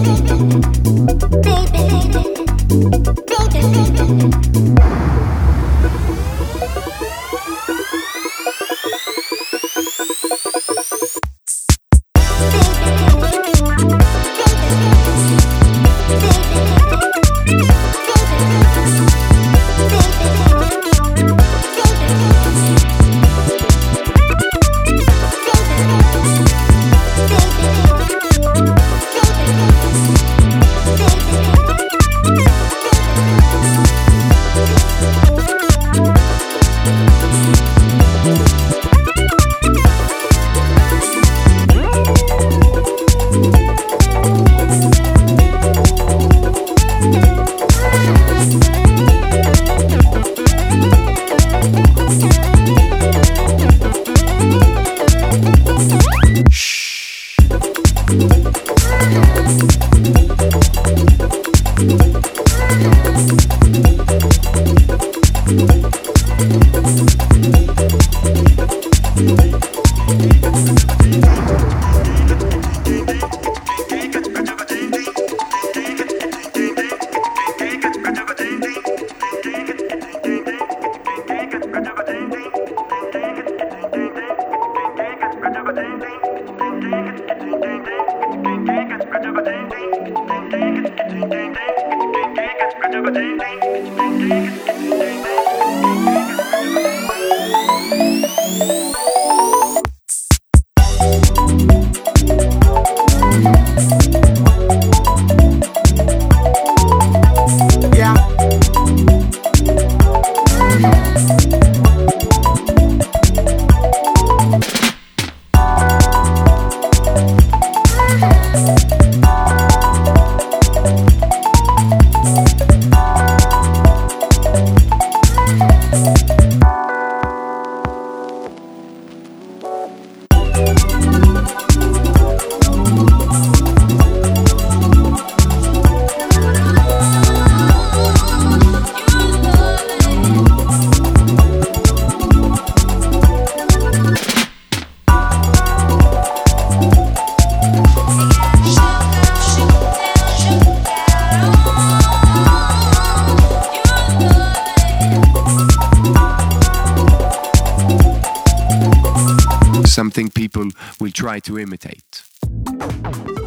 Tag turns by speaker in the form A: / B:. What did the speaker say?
A: Thank you. Thank
B: Thank you.
C: something people will try to imitate.